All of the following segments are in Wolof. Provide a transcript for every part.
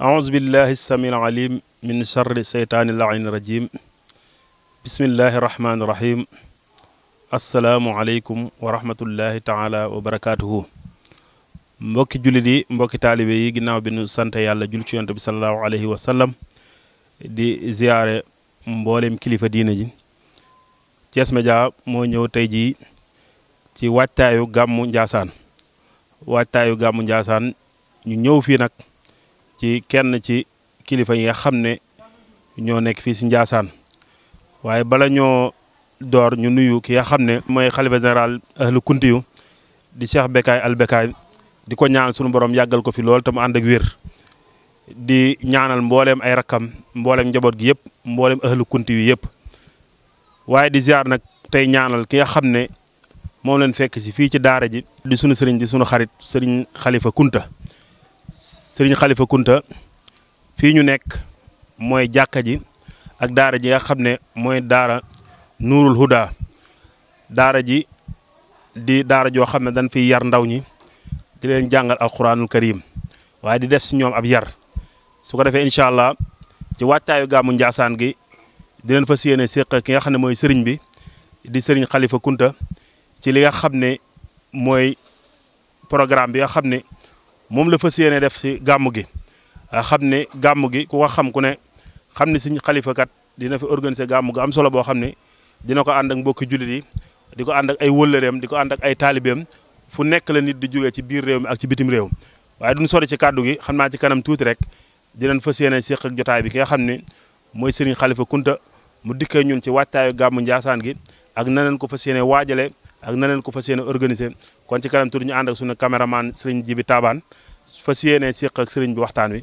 أعوذ بالله السميع العليم من شر الشيطان اللعين الرجيم بسم الله الرحمن الرحيم السلام عليكم ورحمة الله تعالى وبركاته mbokki jullit yi mbokki taalibe yi ginnaaw bi nu sant yàlla jul ci yonte bi alayhi wa sallam di ziyaare mbolém kilifa diina ji Thiès Média moo ñëw tey jii ci waajtaayu gàmmu Njaasaan waajtaayu gàmmu Njaasaan ñu ñëw fii nag ci kenn ci kilifa yi nga xam ne ñoo nekk fii si Njaasaan waaye bala ñoo door ñu nuyu ki nga xam ne mooy xalifa général ahlu kuntiyu di Cheikh Bekaay al di ko ñaanal sunu borom yàggal ko fi loolu te mu ànd ak wér di ñaanal mbooleem ay rakkam mbooleem njaboot gi yëpp mbooleem ahlu kuntiyu yëpp waaye di ziar nag tey ñaanal ki nga xam ne moom leen fekk si fii ci daara ji di sunu sëriñ di sunu xarit sëriñ xalifa kunta sëriñ xalifa kunta fii ñu nekk mooy jàkka ji ak daara ji nga xam ne mooy daara nuurul huda daara ji di daara joo xam ne dañ fiy yar ndaw ñi di leen jàngal alquranul karim waaye di def si ñoom ab yar su ko defee incha allah ci wàccaayu gàmmu njaasaan gi di leen fas yéene séq ki nga xam ne mooy sëriñ bi di sëriñ xalifa kunta ci li nga xam ne mooy programme bi nga xam ne moom la fa yéene def ci gàmm gi nga xam ne gàmm gi ku ko xam ku ne xam ne suñu xalifakat dina fi organiser gàmm gu am solo boo xam ne dina ko ànd ak mbokki jullit yi di ko ànd ak ay wëllëreem di ko ànd ay taalibeem fu nekk la nit di jógee ci biir réew mi ak ci bitim réew waaye duñ sori ci kàddu xam naa ci kanam tuuti rek dinañ fas yéene séq jotaay bi ki nga xam ne mooy Serigne xalifa Kunta mu dikkee ñun ci waajtaayu gàmmu Njaasaan gi ak na ko fas yéene waajale ak nanen ko fasiyene organiser kon ci kanam tuuti ñu ànd ak suñu caméraman serigne Jibi taban fasiyene yéene ak serigne bi waxtaan wi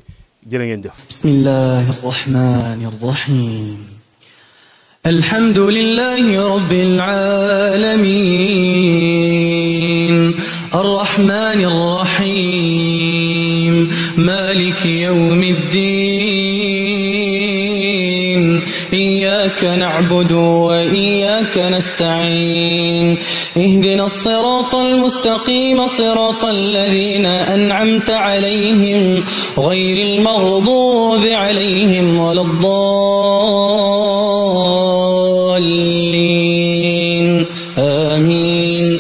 jërë ngeen def bismillahir rahmanir rahim الحمد لله رب العالمين الرحمن الرحيم مالك يوم الدين إياك نعبد وإياك نستعين اهدنا الصراط المستقيم صراط الذين أنعمت عليهم غير المغضوب عليهم ولا الضالين آمين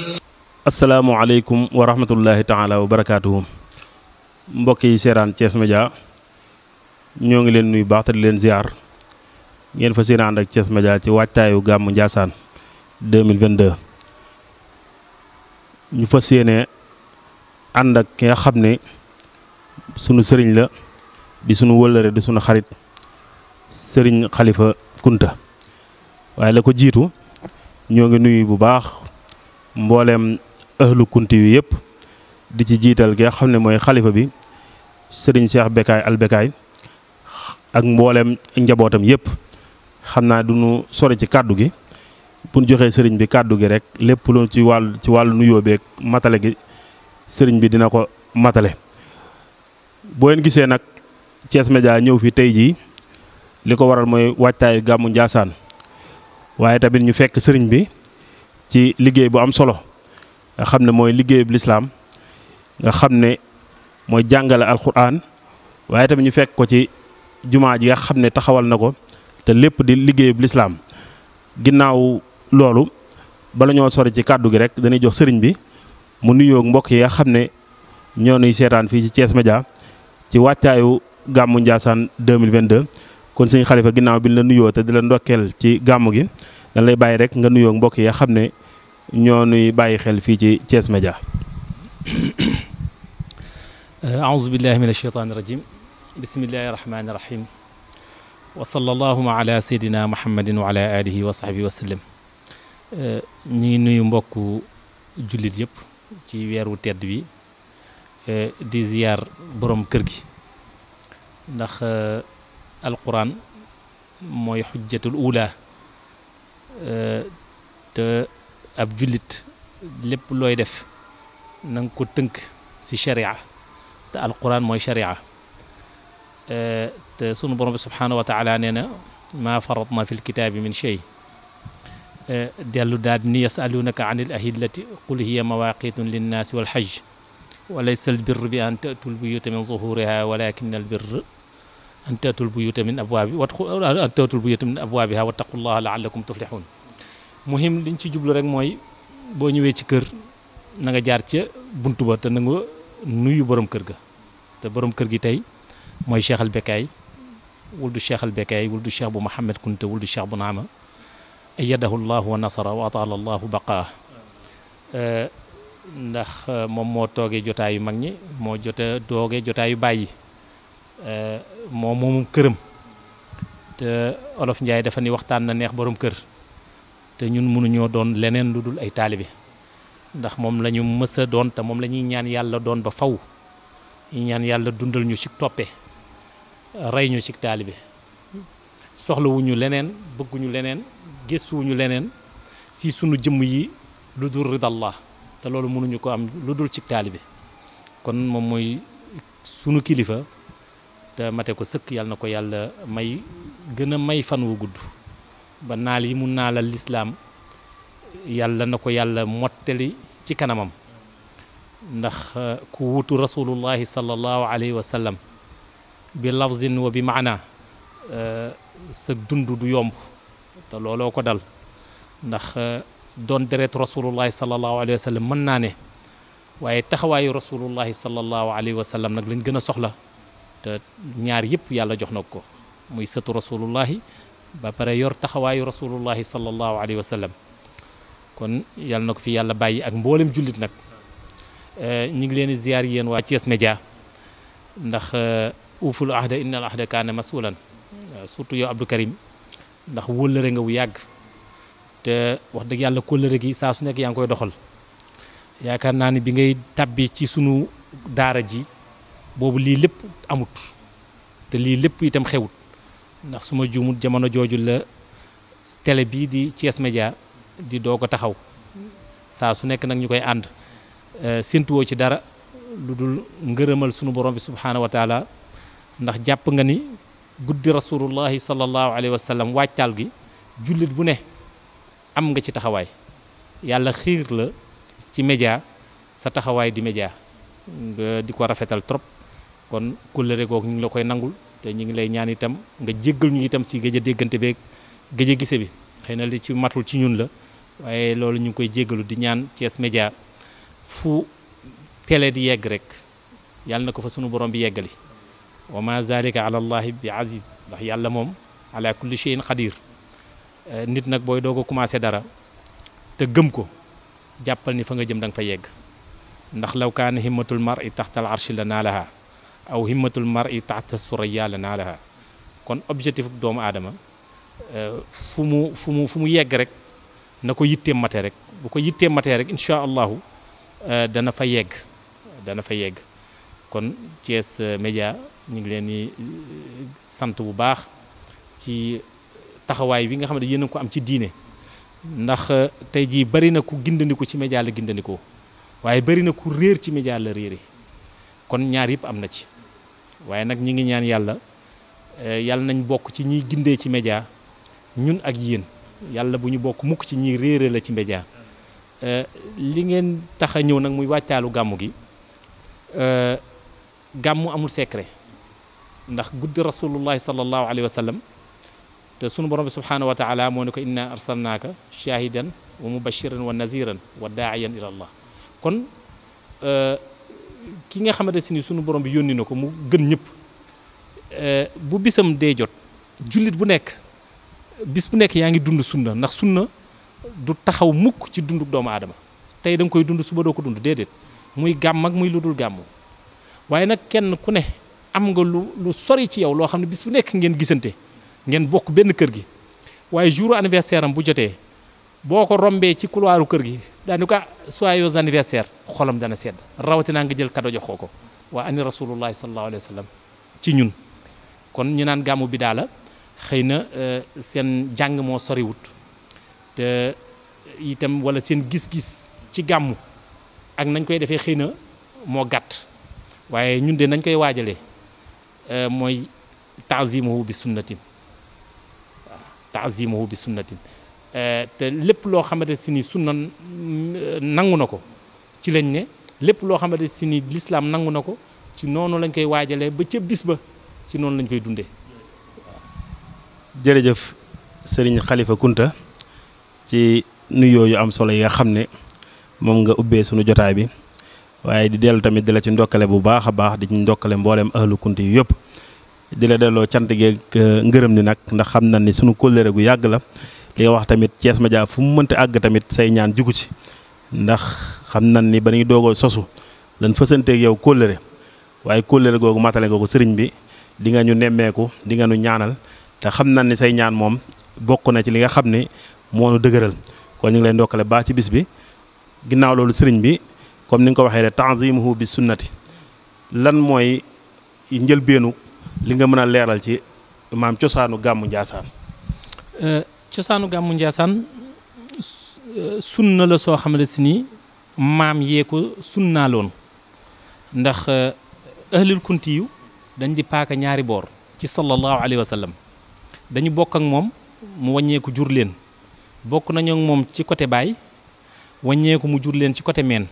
السلام عليكم ورحمة الله تعالى وبركاته مبكي سيران تيسمجا Thiès Média ñoo ngi leen nuyu baax te di leen ziar ngeen fa yéene ànd ak Thiès Média ci waajtaayu gàmmu Ndiassane 2022 ñu fa yéene ànd ak ki xam ne sunu sëriñ la di sunu wëllëre di sunu xarit sëriñ xalifa Kunta waaye la ko jiitu ñoo ngi nuyu bu baax mbooleem ëhlu kunti yu yëpp di ci jiital ki nga xam ne mooy xalifa bi sëriñ Cheikh Bekaay Albekaay ak mbooleem njabootam yëpp xam naa du ñu sore ci kàddu gi bu ñu joxee sëriñ bi kàddu gi rek lépp lu ci wàll ci wàll nuyoo beeg matale gi sëriñ bi dina ko matale. boo leen gisee nag cees Média ñëw fi tey jii li ko waral mooy waajtaayu gàmmu Ndiassane waaye tamit ñu fekk sëriñ bi ci liggéey bu am solo nga xam ne mooy liggéey lislaam nga xam ne mooy jàngale alxuraan waaye tamit ñu fekk ko ci jumaa ji nga xam ne taxawal na ko. te lépp di liggéeyub lislaam ginnaaw loolu bala ñoo sori ci kàddu gi rek dañuy jox sëriñ bi mu nuyoog mbokk yi nga xam ne ñoo nuy seetaan fii ci cees Média ci wàccaayu gàmmu Ndiassane 2022 kon sëñ Xalifa ginnaaw bi ñu la nuyoo te di la ndokkeel ci gàmmu gi dañ lay bàyyi rek nga nuyoog mbokk yi xam ne ñoo nuy bàyyi xel fii ci Thiès Média aouzu billahi min asheytaani rajim bismillahi rahmaani rahim وصلى الله على سيدنا محمد وعلى اله وصحبه وسلم أه، ني نوي مبوك جوليت ييب تي ويرو تيد وي أه، دي زيار بروم كيرغي نخ أه، القران موي حجه الاولى ت اب جوليت ليب لوي ديف نانكو تنك سي شريعه القران موي شريعه سن برب سبحانه وتعالى أننا ما فرضنا في الكتاب من شيء أه، ديالو دادني يسألونك عن الأهلة قل هي مواقيت للناس والحج وليس البر بأن تأتوا البيوت من ظهورها ولكن البر أن تأتوا البيوت من أبوابها أن تأتوا البيوت من أبوابها واتقوا الله لعلكم تفلحون مهم لين شي جبل رك موي بو نيوي سي كير نغا جار سي بونتو با تا نغو نويو بروم كيرغا تا بروم كيرغي تاي موي شيخ البكاي ولد الشيخ البكاي ولد الشيخ أبو محمد كنت ولد الشيخ أبو نعمة أيده الله ونصره وأطال الله بقاه ndax moom moo toogee jotaayu mag ñi moo jote toogee jotaayu bàyyi moo moomum këram te olof Njaay dafa ni waxtaan na neex borom kër te ñun mënuñoo doon leneen lu dul ay taalibe ndax moom la ñu mës a doon te moom la ñuy ñaan yàlla doon ba faw ñu ñaan yàlla dundal ñu ci toppee rey ñu ci taalibe soxlawuñu leneen bëgguñu leneen gëstuwuñu leneen si sunu jëmm yi lu dul ridallah te loolu mënuñu ko am lu dul ci taalibe kon moom mooy sunu kilifa te mate ko sëkk yàlla na ko yàlla may gën a may fan wu gudd ba naal yi mun naa la lislaam yàlla na ko yàlla mottali ci kanamam ndax ku wutu rasulullahi sallallahu alayhi bi lafzin wa bi maana sa dund du yomb te looloo ko dal ndax doon deret rasulullahi sallallahu alayhi wa sallam mën naa ne waaye taxawaayu rasulullahi sallallahu alayhi wa sallam nag lañ gën a soxla te ñaar yëpp yàlla jox na ko muy sëtu rasulullahi ba pare yor taxawaayu rasulullahi sallallahu alayhi wa sallam kon yàlla na ko fi yàlla bàyyi ak mboolem jullit nag ñi ngi leen di ziyaar yéen waa Thiès Média ndax uuful ahda innal ahda kaana masulan surtout yow Abdou Karim ndax wóllëre nga wu yàgg te wax dëgg yàlla kóllëre gi saa su nekk yaa ngi koy doxal yaakaar naa ni bi ngay tàbbi ci sunu daara ji boobu lii lépp amut te li lépp itam xewut ndax su ma juumut jamono jooju la télé bii di Thiès Média di doo ko taxaw saa su nekk nag ñu koy ànd séntuwoo ci dara lu dul ngërëmal sunu borom bi subhaana wa taala ndax japp nga ni guddi rasulullah sallallahu Alaihi Wasallam waccal gi julit bu ne am nga ci taxaway yalla xiir la ci media sa taxaway di meja, nga di rafetal trop kon rek ok ñu la koy nangul te ñi ngi lay ñaan itam nga jéggal ñu itam si géej a déggante beeg géej bi xeyna li ci matul ci ñun la waye loolu ñu koy jéggalu di ñaan es meja, fu télé di yegg rek yalla nako fa suñu borom bi yeggali وما ذلك على الله بعزيز ده يالا موم على كل شيء قدير نيت نك بوي دوغو كوماسي دارا تا گم كو جابال ني فاغا جيم داغ فا ييغ نخ لو كان همت المرء تحت العرش لنالها او همت المرء تحت الثريا لنالها كون اوبجيكتيف دوم ادمه فمو فمو فمو ييغ رك نكو ييتيم ماتي رك بوكو ييتيم ماتي رك ان شاء الله دانا فا ييغ دانا فا ييغ kon Thiès euh, Média ñu ngi leen di euh, sant bu baax ci taxawaay bi nga xam ne yéen a ko am ci diine ndax euh, tey jii bari na ku gindandiku ci média la gindandikoo waaye bari na ku réer ci média la réere kon ñaar yëpp am na ci waaye nag ñi ngi ñaan yàlla yàlla nañ bokk ci ñiy gindee ci média ñun ak yéen yàlla bu ñu bokk mukk ci ñiy réere la ci média li ngeen taxa ñëw nag muy wàccaalu gàmmu gi gamu amul secret ndax gudd rasulullah sallallahu alayhi wasallam te sunu borom subhanahu wa taala moo ne ko inna arsalnaka shahidan wa mubashiran wa naziran wa da'iyan ila allah kon ki nga xamanteni sunu borom bi yoni nako mu gën euh bu bisam de jot julit bu nek bis bu nek yaangi dund sunna ndax sunna du taxaw mukk ci dunduk doom adama tay dang koy dund suba do ko dund dedet muy gam ak muy lu gamu waaye nag kenn ku ne am nga lu lu sori ci yow loo xam ne bi su nekk ngeen gisante ngeen bokk benn kër gi waaye jour anniversaire am bu jotee boo ko rombee ci couloiru kër gi daani ko joyeux ah, anniversaire xolam dana sedd rawatinaa nga jël cadeau jox ko ko waa ani rasulullahi sallallahu alayhi wa sallam ci ñun kon ñu naan gàmmu bi daala xëy na euh, seen jàng moo soriwut te itam wala seen gis-gis ci gàmmu ak nañ koy defee xëy na moo gàtt waaye ñun de nañ koy waajalee euh, mooy taazimuhu bi sunnatin waaw taazimuhu bi sunnatin euh, te lépp loo xamante si ni sunna euh, nangu na ko ci lañ ne lépp loo xamante si ni lislaam nangu na ko ci noonu lañ koy waajalee ba ca bis ba ci noonu lañ koy dundee jërëjëf sëriñ Khalifa Kunta ci nuyoo yu am solo yi nga xam ne moom nga ubbee sunu jotaay bi waaye di dellu tamit di la ci ndokkale bu baax a baax di ci ndokkale mbooleem ahlu kunti yi yëpp di la delloo cant geeg euh, ngërëm ni nag ndax xam na ni sunu kóllëre gu yàgg la li nga wax tamit Thiès Media fu mu mënti àgg tamit say ñaan jugu ci ndax xam na ni ba ñuy doogoo sosu lan fësanteeg yow kóllëre waaye kóllëre googu matale googu sëriñ bi di nga ñu nemmeeku di nga ñu ñaanal te xam na ni say ñaan moom bokk na ci li nga xam ni moo nu dëgëral kon ñu ngi lay ndokkale baax ci bis bi ginnaaw loolu sëriñ bi comme ni nga ko waxee rek tanzimuhu bi sunnati lan mooy njëlbeenu li nga mën a leeral ci maam cosaanu gàmmu Njaasaan euh, cosaanu gàmmu Njaasaan sunna la soo xamante si ni maam yee ko sunnaaloon ndax euh, ahlul kunti dañ di paaka ñaari boor ci sallallahu alayhi wa dañu bokk ak moom mu wàññeeku jur leen bokk nañu ak moom ci côté baay wàññeeku mu jur leen ci côté meen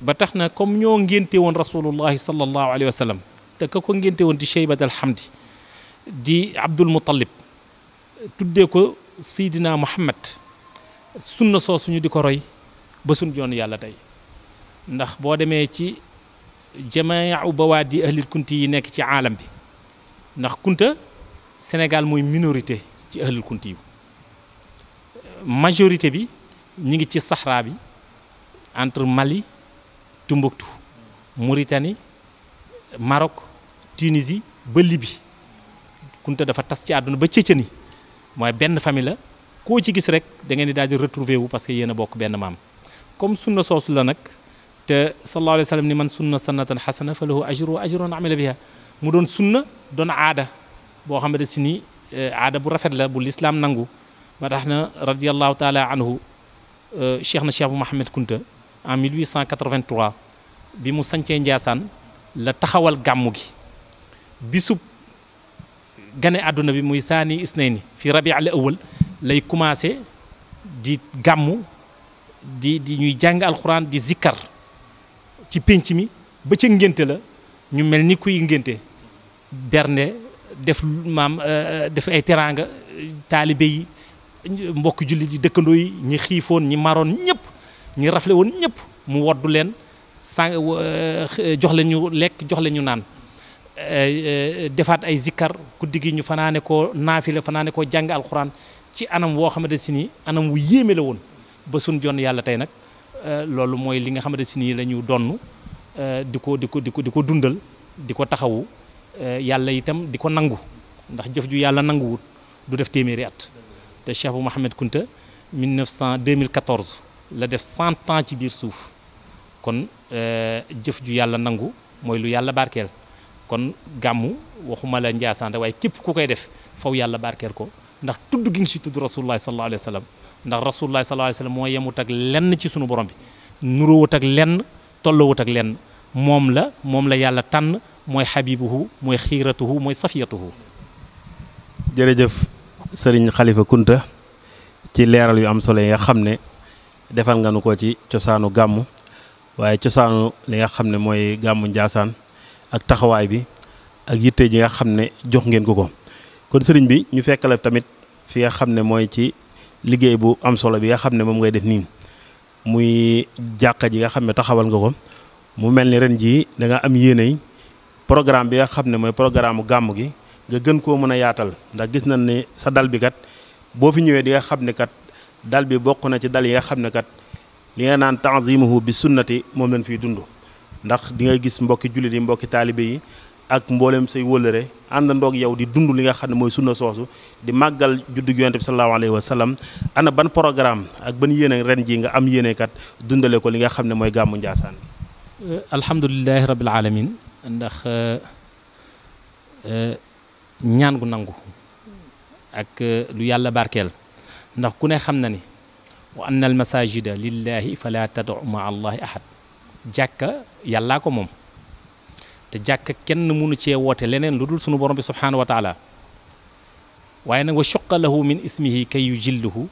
ba tax na comme ñoo ngénte woon rasulullahi sallallahu alayhi wa sallam te ka ko ngénte woon di cheybat alhamdi di abdul muttalib tuddee ko seydina muhammad sunna soo suñu di ko roy ba suñ joon yàlla tey ndax boo demee ci jamaacu bawaadi ahlil kunti yi nekk ci aalam bi ndax kunta sénégal mooy minorité ci ahlil kunti yu majorité bi ñi ngi ci saxraa bi entre Mali Tumbuktu, Mauritanie Maroc Tunisie et Libye Kunta dafa tas ci àdduna ba Tchétchénie mooy benn famille la koo ci gis rek da ngeen di daal di retrouver wu parce que yéen a bokk benn maam comme sunna soosu la nag te sallallahu alayhi wa sallam ni man sunna sannatan xasana fa lahu ajru ajrun amila biha mu doon sunna doon aada boo xamante si ni aada bu rafet la bu lislaam nangu ba tax na radiallahu taala anhu cheikh na cheikh bu Kunta en 1883 bi mu sancee Njaasaan la taxawal gàmmu gi bisub gane àdduna bi muy saani isnayni fi rabi al awal lay commencé di gàmmu di di ñuy jàng alxuraan di zikkar ci pénc mi ba ca ngénte la ñu mel ni kuy ngénte bernde def maam euh, euh, def ay teraanga taalibe yi mbokk jullit yi dëkkandoo yi ñi xiifoon ñi maroon ñëpp ñi rafle woon ñëpp mu woddu leen sa euh, euh, jox leen ñu lekk jox leen ñu naan euh, defaat ay zikkar guddi gi ñu fanaane koo naafile fanaane ko jàng alxuraan ci anam woo xamante si ni anam wu yéeme la woon ba suñ jonn yàlla tey nag loolu mooy li nga xamante si nii la ñu donn di ko di ko di ko di ko dundal di ko taxawu yàlla itam di ko nangu ndax jëf ju yàlla nanguwut du def téeméeri at te Cheikh bu Mouhamed Kounta 1900 2014 la def 100 ans ci bir souf kon euh jëf ju yàlla nangu moy lu yàlla barkel kon gamu waxuma la ndiasante way kep ku koy def faw yàlla barkel ko ndax tuddu gi nga si tudd rasulullahi sallallahu alayhi wasallam ndax rasulullah sallallahu alayhi wasallam moy yamut ak len ci sunu borom bi nuru wut ak len tollu wut ak len mom la mom la yàlla tan moy habibuhu moy khiratuhu moy safiyatuhu jere jef serigne khalifa Kunta ci leral yu am solo ya xamne defal nga nu ko ci cosaanu gàmmu waaye cosaanu li nga xam ne mooy gàmmu Njaasaan ak taxawaay bi ak yitte ji nga xam ne jox ngeen ko ko kon sëriñ bi ñu fekkale tamit fi nga xam ne mooy ci liggéey bu am solo bi nga xam ne moom ngay def nii muy jàkka ji nga xam ne taxawal nga ko mu mel ni ren ji da nga am yéeney programme bi nga xam ne mooy programme gàmm gi nga gën koo mën a yaatal ndax gis nañ ne sa dal bi kat boo fi ñëwee di nga xam ne kat dal bi bokku na ci dal yi nga xamne kat li nga nan ta'zimuhu bi sunnati mom lañ fi dundu ndax di nga gis mbokki julit yi mbokki taalibe yi ak sey say and ndok yow di dundu li nga xamne moy sunna soosu di magal juddu yonent bi sallallahu alayhi wa sallam ana ban programme ak ban yene ren ji nga am yene kat dundale ko li nga xamne moy gamu ndiasan Njaasaan rabbil alamin ndax euh ñaan gu nangu ak lu yàlla barkeel ndax ku ne xam na ni wa anna al masajida lillahi fala tad'u ma allahi ahad jàkka yalla ko mom te jàkka kenn munu ci wote leneen lu sunu borom bi subhanahu wa taala waye nak wa shaqqa lahu min ismihi kay yujilluhu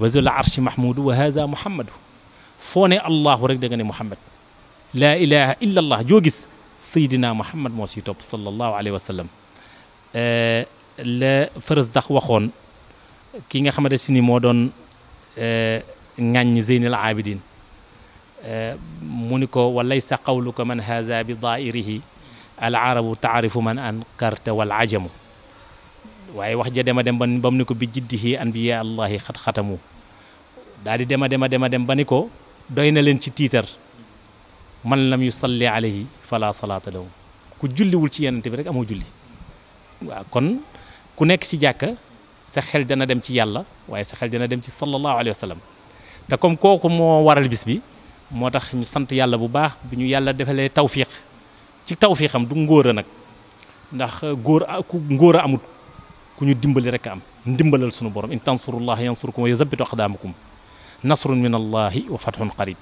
wa zul arshi mahmud wa hadha muhammad fone allah rek de ngani muhammad la ilaha illa allah jo gis sayidina muhammad moo siy topp sallallahu alayhi wa sallam le fërës dakh waxone ki nga xamante si ni moo doon ŋàññ Abidin mu ni ko walaysa qawluka man haza bi daa'irihi al arabu taarifu man karta wal ajamu waaye wax ja dema dem ba mu ni ko bi jiddihi anbiya allahi xat xatamu daal di dema dema dema dem ba ni ko doy na leen ci tiitar man lam yusalli alayhi fala salata lahu ku julliwul ci yenante bi rek amoo julli waaw kon ku nekk si jàkka sa xel dana dem ci yàlla waye sa xel dana dem ci sallallahu alayhi wasallam ta comme koku mo waral bis bi motax ñu sant yàlla bu baax bi ñu yàlla defale tawfiq ci tawfiqam du ngóor nak ndax gor ku ngóor amut ku ñu dimbali rek am ndimbalal sunu borom in tansurullahi yansurkum wa yuthabbit aqdamakum nasrun min allahi wa fathun qarib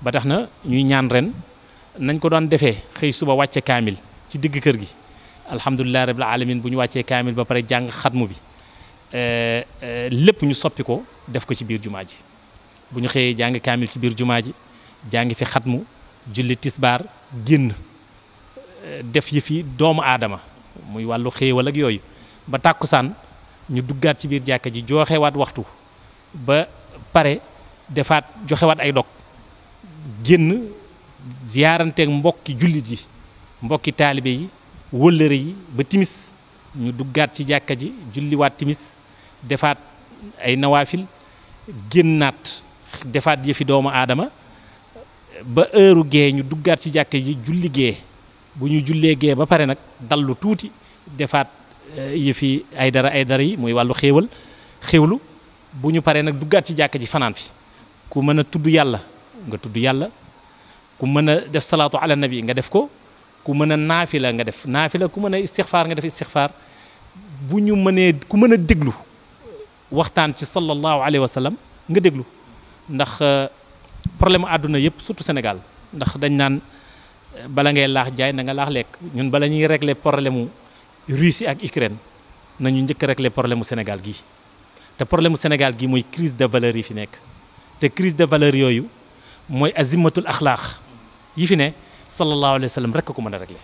ba taxna ñuy ñaan ren nañ ko doon defé xëy suba wàcce kamil ci digg kër gi alhamdullahi rabbil alamin buñu wacce kamil ba pare jàng khatmu bi Euh, euh, lépp ñu soppi ko def ko ci biir jumaa ji bu ñu xëyee jàng kaamil ci biir jumaa ji jàng fi xatmu julli tisbaar génn euh, def yi fi doomu aadama muy wàllu xéewal ak yooyu ba tàkkusaan ñu duggaat ci biir jàkka ji joxewaat waxtu ba pare defaat joxewaat ay dog génn ziyaaranteeg mbokki jullit yi mbokki taalibe yi wëllëre yi ba timis ñu duggaat ci jàkka ji julliwaat timis defaat ay nawaafil génnaat defaat yëfi doomu aadama ba heure gee ñu duggaat ci jàkka ji julli gee bu ñu jullee gee ba pare nag dallu tuuti defaat eh, yëfi ay dara ay dara yi muy wàllu xéewal xewlu bu ñu paree nag duggaat ci jàkka ji fanaan fi ku mën a tudd yàlla nga tudd yàlla ku mën a def salaatu ala nabi nga def ko ku mën a naafila nga def naafila ku mën a istixfaar nga def istixfaar buñu mëne ku mëna déglu waxtaan ci sallallahu alayhi wa sallam nga déglu ndax problème aduna yëpp surtout Sénégal ndax dañ nan bala ngay laax jaay na nga laax lek ñun bala ñuy régler problème Russie ak Ukraine nañu ñëk régler problème Sénégal gi te problème Sénégal gi moy crise de valeur yi fi nek te crise de valeur yoyu moy azimatul akhlaq yi fi ne sallallahu alayhi wa sallam rek ko mëna régler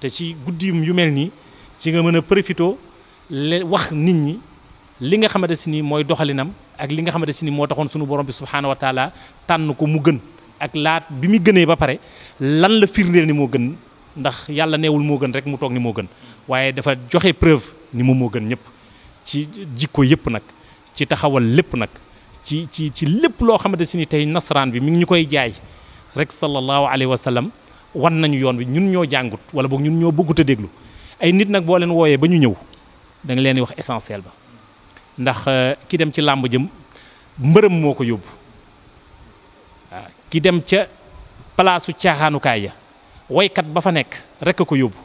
te ci guddi yu melni ci nga mëna profito le wax nit ñi li nga xamante si ni mooy doxalinam ak li nga xamante si ni moo taxoon sunu borom bi subhaanahu wa taala tànn ko mu gën ak laat bi muy gënee ba pare lan la firndeel ni moo gën ndax yàlla neewul moo gën rek mu toog ni moo gën waaye dafa joxe preuve ni moom moo gën ñëpp ci jikko yëpp nag ci taxawal lépp nag ci ci ci lépp loo xamante si ni tey nasaraan bi mi ngi ñu koy jaay rek sallallahu alayhi wa sallam wan nañu yoon bi ñun ñoo jàngut wala boog ñun ñoo bëggut a déglu ay nag boo leen wooyee ba ñu ñëw da nga leen wax essentiel ba ndax euh, ki dem ci làmb jëm mbërëm moo ko yóbbu waaw ki dem ca palaasu caaxaanukaay ya woykat ba fa nekk rek a ko yóbbu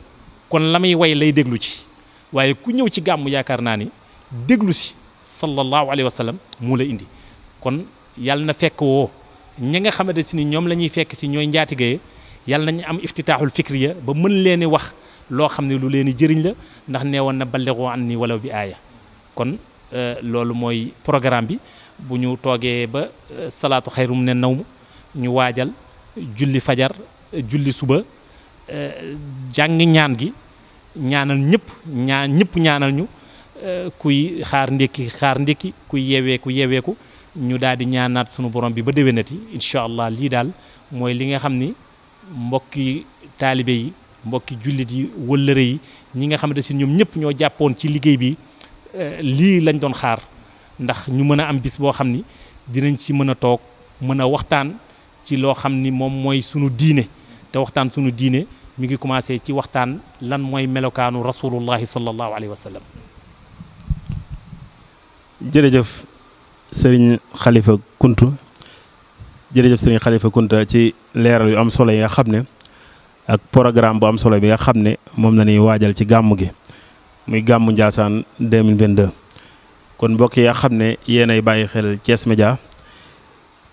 kon la muy woy lay déglu ci waaye ku ñëw ci gàmm yaakaar naa ni déglu si sallallahu alayhi wa sallam mu la indi kon yàlla na fekk woo ñi nga xamante si ni ñoom la ñuy fekk si ñooy njaatigéye yàlla nañu am iftitaaxul fikriya ba mën leen wax loo xam ne lu leen di jëriñ la ndax nee woon na ballighu ni walaw bi aaya kon euh, loolu mooy programme bi bu ñu toogee ba euh, salaatu xayrum ne naw ñu waajal julli fajar julli suba euh, jàng ñaan gi ñaanal ñëpp ñaan ñëpp ñaanal ñu kuy xaar ndékki xaar ndékki kuy yeeweeku yeeweeku ñu daal di ñaanaat sunu borom bi ba déwénati incha allah lii daal mooy li nga xam ni mbokki taalibe yi mbokki jullit yi wëllëre yi ñi nga xamante si ñoom ñëpp ñoo jàppoon ci liggéey bi euh, lii lañ doon xaar ndax ñu mën a am bis boo xam ni dinañ ci mën a toog mën a waxtaan ci loo xam ni moom mooy sunu diine te waxtaan sunu diine mi ngi commencé ci waxtaan lan mooy melokaanu rasulullahi sallallahu alayhi wa sallam. jërëjëf sëriñ xalifa Kunta jërëjëf sëriñ xalifa Kunta ci leeral yu am solo yi nga xam ne. ak programme bu am solo bi nga xam ne moom la ñuy waajal ci gàmm gi muy gàmmu Ndiassane 2022 kon mbokk yi nga xam ne yéenay bàyyi xel cees Média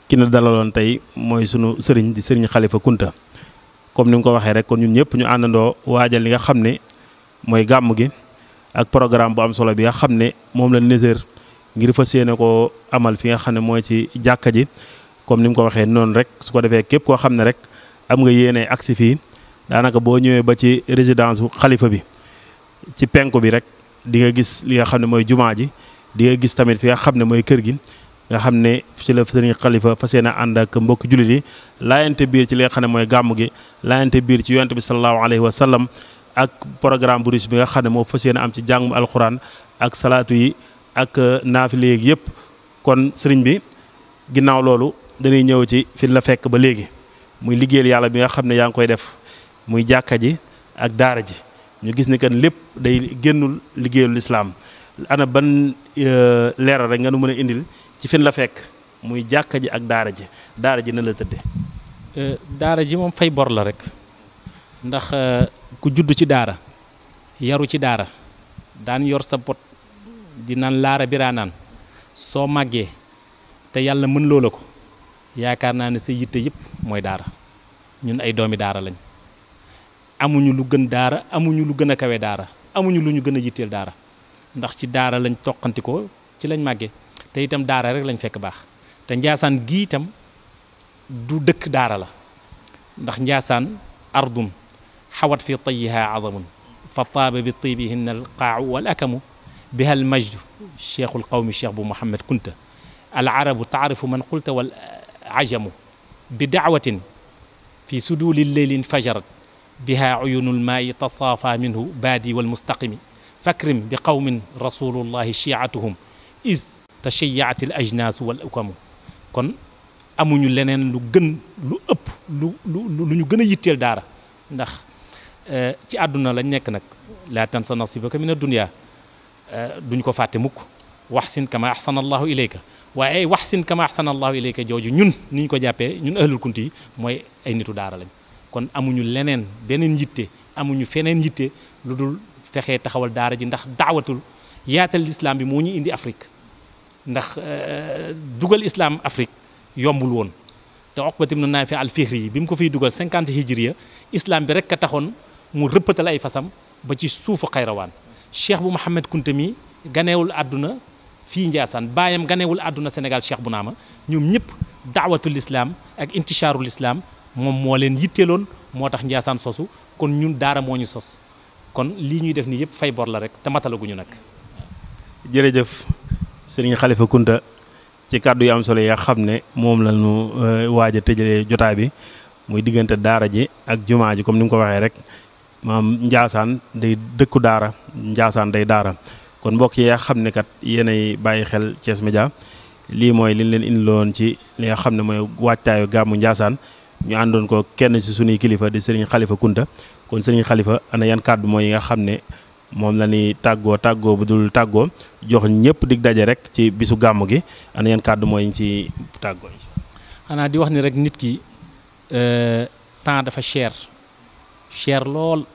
ki na dalaloon tey mooy sunu sëriñ di sëriñ Khalifa Kunta comme ni nga ko waxee rek kon ñun ñëpp ñu àndandoo waajal li nga xam ne mooy gàmm gi ak programme bu am solo bi nga xam ne moom la Niger ngir fas yéene ko amal fi nga xam ne mooy ci jàkka ji comme ni mu ko waxee noonu rek su ko defee képp koo xam ne rek am nga yéene agsi daanaka boo ñëwee ba ci résidence bu xalifa bi ci penku bi rek di nga gis li nga xam ne mooy jumaa ji di nga gis tamit fi nga xam ne mooy kër gi nga xam ne ci la xalifa fas yéene ànd ak mbokk jullit yi laayante biir ci li nga xam ne mooy gàmm gi laayante biir ci yonent bi sallallahu alayhi wa sallam ak programme bu riche bi nga xam ne moo fas yéene am ci jàngum alxuraan ak salaatu yi ak naafile yeeg yëpp kon sëriñ bi ginnaaw loolu dañuy ñëw ci fi la fekk ba léegi muy liggéeyal yàlla bi nga xam ne yaa ngi koy def muy jàkka ji ak daara ji ñu gis ni kan lepp day gennul liggéeyul islam ana ban euh, leeral rek nga nu mëna indil ci fin la fekk muy jàkka ji ak daara ji daara ji na la tëdde euh, daara ji mom fay bor la rek ndax euh, ku judd ci daara yaru ci daara daan yor sa pot di nan laara biraanaan so magge te yalla mën lolako ko yaakaar naa ne sa yitte yëpp mooy daara ñun ay doomi daara lañ amuñu lu gën daara amuñu lu gën a kawe daara amuñu lu ñu gën a yitteel daara ndax ci daara lañ toqanti ci lañ màggee te itam daara rek lañ fekk baax te njaasaan gii itam du dëkk daara la ndax njaasaan ardun xawat fi tayiha adamun fa taaba bi tibihinna alqaacu wal akamu biha almajdu cheikhul qawmi cheikh bu mohammed kunta alarabu taarifu man qulta wal ajamu bi dacwatin fi suduli leylin fajarat بها عيون الماء تصافى منه بادي والمستقيم فاكرم بقوم رسول الله شيعتهم إذ تشيعت الأجناس والأكم كن أمون لنين لو جن لو أب لو لو نيو جن يتيل دارا نخ آه، تي أدونا لنيك نك لا تنسى نصيبك من الدنيا آه، دون كو فاتي موك واحسن كما أحسن الله إليك واي واحسن كما أحسن الله إليك جوجو نيون نيو كو جابي نيون أهل الكنتي موي أي نيتو دارا لنيو kon amuñu leneen benen yitte amuñu fenen yitte luddul fexé taxawal daara ji ndax da'watul yaatal l'islam bi moñu indi Afrique ndax dugal islam Afrique yombul won te Uqbat ibn nafi al Fihri bim ko fi dugal 50 hijriya islam bi rek ka taxone mu reppetal ay fasam ba ci suufu xayrawaan cheikh bu mohammed Kunta ganewul aduna fi fii bayam ganewul aduna Sénégal cheikh bu naama ñoom ñëpp daawatul islaam ak intisharul islam moom moo leen yitteeloon moo tax njaasaan sosu kon ñun daara moo ñu sos kon lii ñuy def nii yëpp fay bor la rek te matalaguñu nag. jërëjëf sëriñ Khalifa Kounta ci kàddu yu am solo ya xam ne moom la ñu euh, waaj a tëjalee jotaay bi muy diggante daara ji ak jumaa ji comme ni nga ko waxee rek maam Ndiassane day dëkku daara njaasaan day daara kon mbokk yi xam ne kat yéenay bàyyi xel cees Média lii mooy liñ leen indiloon ci li nga xam ne mooy waajtaayu gàmmu Ndiassane. ñu àndoon ko kenn ci sunuy kilifa di sëriñ xalifa kunta kon sëriñ xalifa ana yan kàddu mooy yi nga xam ne moom la ñuy tàggoo tàggoo bu dul tàggoo jox ñëpp dig daje rek ci bisu gàmmu gi ana yan kàddu mooy ci tàggoo xanaa di wax ni rek nit ki euh, temps dafa cher cher lool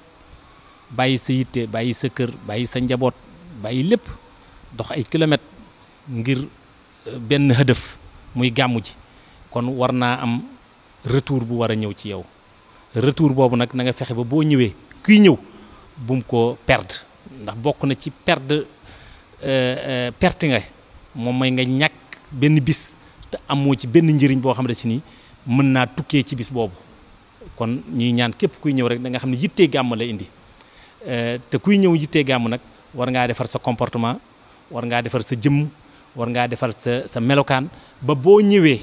bàyyi sa yitte bàyyi sa kër bàyyi sa njaboot bàyyi lépp dox ay kilomètres ngir euh, benn hëdëf muy gàmmu ji kon war naa am retour bu wara ñew ci yow retour bobu nak na nga fexé ba bo ñewé kuy ñew bu mu ko perdre ndax bokku na ci perdre euh, euh, perte nga mom may nga ñak ben bis te amo ci ben njëriñ bo xam ne ni mën na ci bis bobu kon ñi ñaan képp kuy ñew rek da nga xam ne yittee gàmm la indi euh, te kuy ñew yitté gam nak war nga defar sa comportement war nga defar sa jëm war nga defar sa sa melokan ba bo ñewé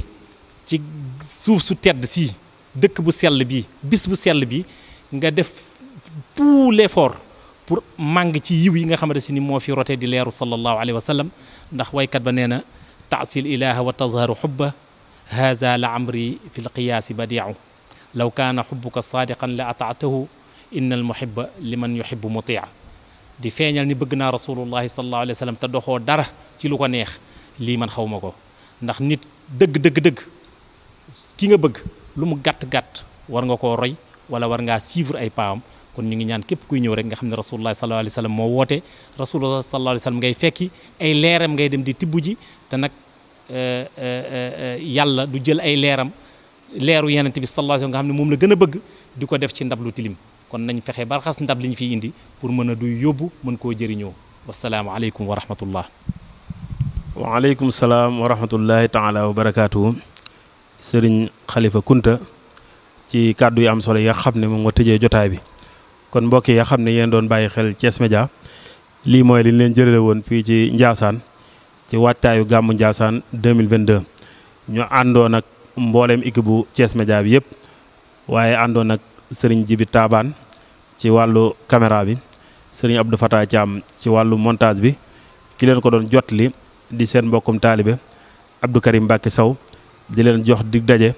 ci suuf su tedd si dëkk bu sell bi bis bu sell bi nga def tout l'effort pour màng ci yiw yi nga xamante si ni moo fi rote di leeru sallallahu alayhi wa sallam ndax waykat ba nee na taasil ilaha wa tazharu xubba haza la amri fi lqiyaasi badiu law kaana xubbuka sadiqan la ataatahu inna almuhiba liman yuhibu mutia di feeñal ni bëgg naa rasulullahi sallallahu alayhi wa sallam te doxoo dara ci lu ko neex lii man xaw ko ndax nit dëgg dëgg dëgg ki nga bëgg lu mu gàtt-gàtt war nga koo roy wala war ngaa suivre ay paam kon ñu ngi ñaan képp kuy ñëw rek nga xam ne rasulullah sallallahu alayhi wasallam moo woote rasulullah sallallahu alayhi ngay fekki ay leeram ngay dem di tibb ji te nag eh, eh, eh, yàlla du jël ay leeram leeru yenent bi nga xam ne moom la gën a bëgg di ko def ci ndab lu tilim kon nañ fexe ba raxas ndab liñ fiy indi pour mën a duy yóbbu mën koo jëriñoo wasalaamu aleykum wa rahmatullah waaleykum salaam wa rahmatullahi taala wa barakaatuhu sëriñ xalifa Kunta ci kàddu yi am solo yi xam ne moom nga tëjee jotaay bi kon mbokk ya xam ne yéen doon bàyyi xel Thiès Média lii mooy li leen jëlale woon fii ci Ndiassane ci waajtaayu gàmmu Ndiassane 2022 ñu àndoon ak mbooleem équipe bu cees Média bi yëpp waaye àndoon ak sëriñ Jibi Taabaan ci wàllu caméra bi sëriñ Abdou Fatah Thiam ci wàllu montage bi ki leen ko doon jot li di seen mbokkum taalibe Abdou Karim Mbacke Sow di leen jox di daje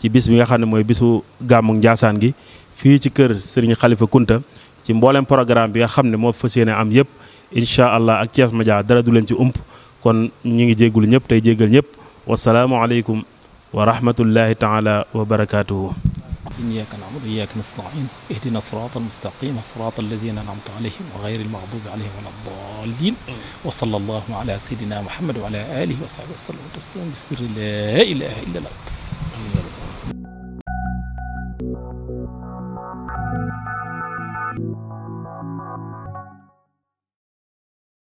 ci bis bi nga xam ne mooy bisu gàmmu Njaasaan gi fii ci kër sëriñ xalifa Kunta ci mboolem programme bi nga xam ne moo fas yéene am yëpp incha allah ak Thiès Media dara du leen ci ump kon ñu ngi jéggul ñëpp tey jéggal ñëpp wasalaamualeykum wa rahmatullahi taala wa إياك نعبد وإياك نستعين اهدنا الصراط المستقيم صراط الذين أنعمت عليهم وغير المغضوب عليهم ولا الضالين وصلى الله على سيدنا محمد وعلى آله وصحبه وسلم تسليما بسر لا إله إلا الله